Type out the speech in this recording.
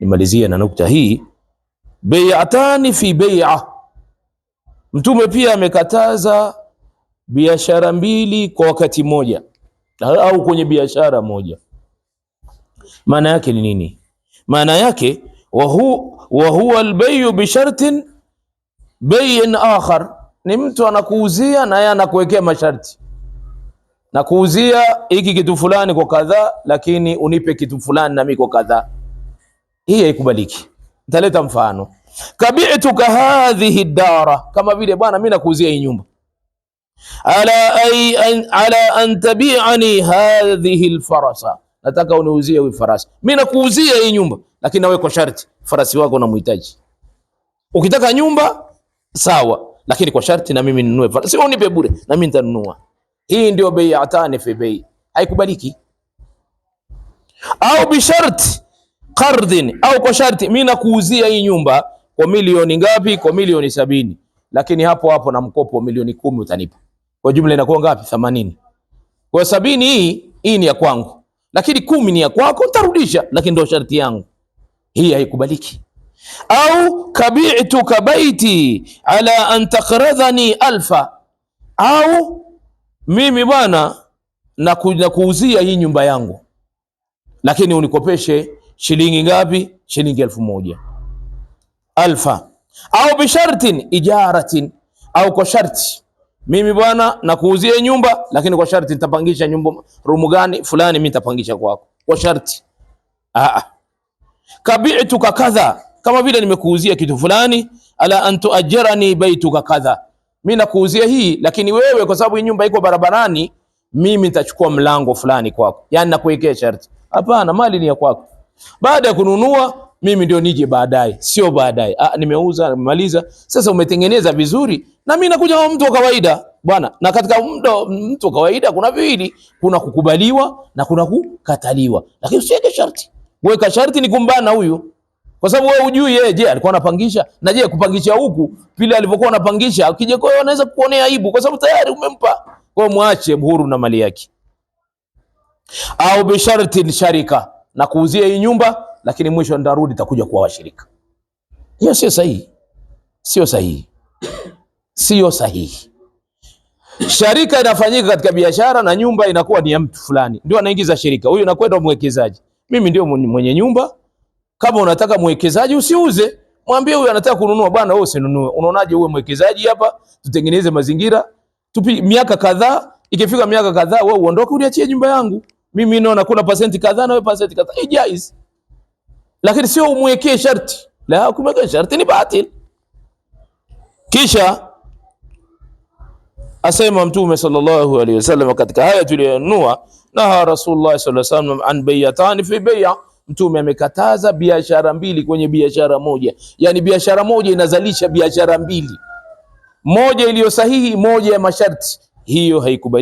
nimalizie na nukta hii, bayatani fi bai'a. Mtume pia amekataza biashara mbili kwa wakati mmoja au kwenye biashara moja. Maana yake ni nini? Maana yake wahu, wahuwa albayu bishartin bayin akhar, ni mtu anakuuzia na yeye anakuwekea masharti, nakuuzia hiki kitu fulani kwa kadhaa, lakini unipe kitu fulani nami kwa kadhaa hii haikubaliki. Nitaleta mfano, kabituka hadhihi dara, kama vile bwana, mimi nakuuzia hii nyumba, ala ay an, ala an tabi'ani hadhihi alfarasa, nataka uniuzie hii farasi. Mimi nakuuzia hii nyumba, lakini nawe kwa sharti farasi wako unamhitaji. Ukitaka nyumba sawa, lakini kwa sharti na mimi ninunue farasi, sio unipe bure, na mimi nitanunua. Hii ndio bei atani fi bei, haikubaliki. Au bisharti qardhin au kwa sharti, mimi nakuuzia hii nyumba kwa milioni ngapi? Kwa milioni sabini, lakini hapo hapo na mkopo wa milioni kumi utanipa. Kwa jumla inakuwa ngapi? Themanini. Kwa sabini hii hii ni ya kwangu, lakini kumi ni ya kwako, utarudisha, lakini ndio sharti yangu. Hii haikubaliki. Au kabituka baiti ala an taqradhani alfa, au mimi bwana na kuuzia hii nyumba yangu, lakini unikopeshe shilingi ngapi? Shilingi elfu moja alfa au bishartin ijaratin, au kwa sharti mimi bwana nakuuzia nyumba, lakini kwa sharti nitapangisha nyumba rumu gani fulani, mimi nitapangisha kwako kwa sharti. Aa, kabituka kadha, kama vile nimekuuzia kitu fulani, ala antu tuajirani baituka kadha, mimi nakuuzia hii, lakini wewe kwa sababu nyumba iko barabarani, mimi nitachukua mlango fulani kwako, yani nakuwekea sharti. Hapana, mali ni ya kwako. Baada ya kununua mimi ndio nije baadaye, sio baadaye. Ah, nimeuza nimemaliza, sasa umetengeneza vizuri, na mimi nakuja kama mtu wa kawaida bwana. Na katika mdo mtu wa kawaida kuna viwili, kuna kukubaliwa na kuna kukataliwa, lakini usiweke sharti. Weka sharti ni kumbana huyu, kwa sababu wewe hujui yeye, je alikuwa anapangisha na je kupangisha huku vile alivyokuwa anapangisha, akija kwa anaweza kuonea aibu, kwa sababu tayari umempa. Kwa muache huru na mali yake, au bisharti sharika na kuuzia hii nyumba, lakini mwisho ndarudi takuja kuwa washirika. Hiyo sio sahihi, sio sahihi, sio sahihi. Sharika inafanyika katika biashara na nyumba inakuwa ni ya mtu fulani, ndio anaingiza shirika. Huyu nakwenda mwekezaji, mimi ndio mwenye nyumba. Kama unataka mwekezaji usiuze, mwambie huyu anataka kununua, bwana wewe usinunue. Unaonaje uwe mwekezaji hapa, tutengeneze mazingira tupi, miaka kadhaa ikifika miaka kadhaa, wewe uondoke, uniachie nyumba yangu mimi naona kuna pasenti kadhaa na wewe pasenti kadhaa, hii jaiz, lakini sio umwekee sharti la. Kumwekea sharti ni batil. Kisha asema Mtume sallallahu alaihi wasallam katika haya tuliyonunua, naha Rasulullah sallallahu alaihi wasallam an bay'atani fi bay'a Mtume amekataza biashara mbili kwenye biashara moja, yani biashara moja inazalisha biashara mbili, moja iliyo sahihi, moja ya masharti, hiyo haikubaliki.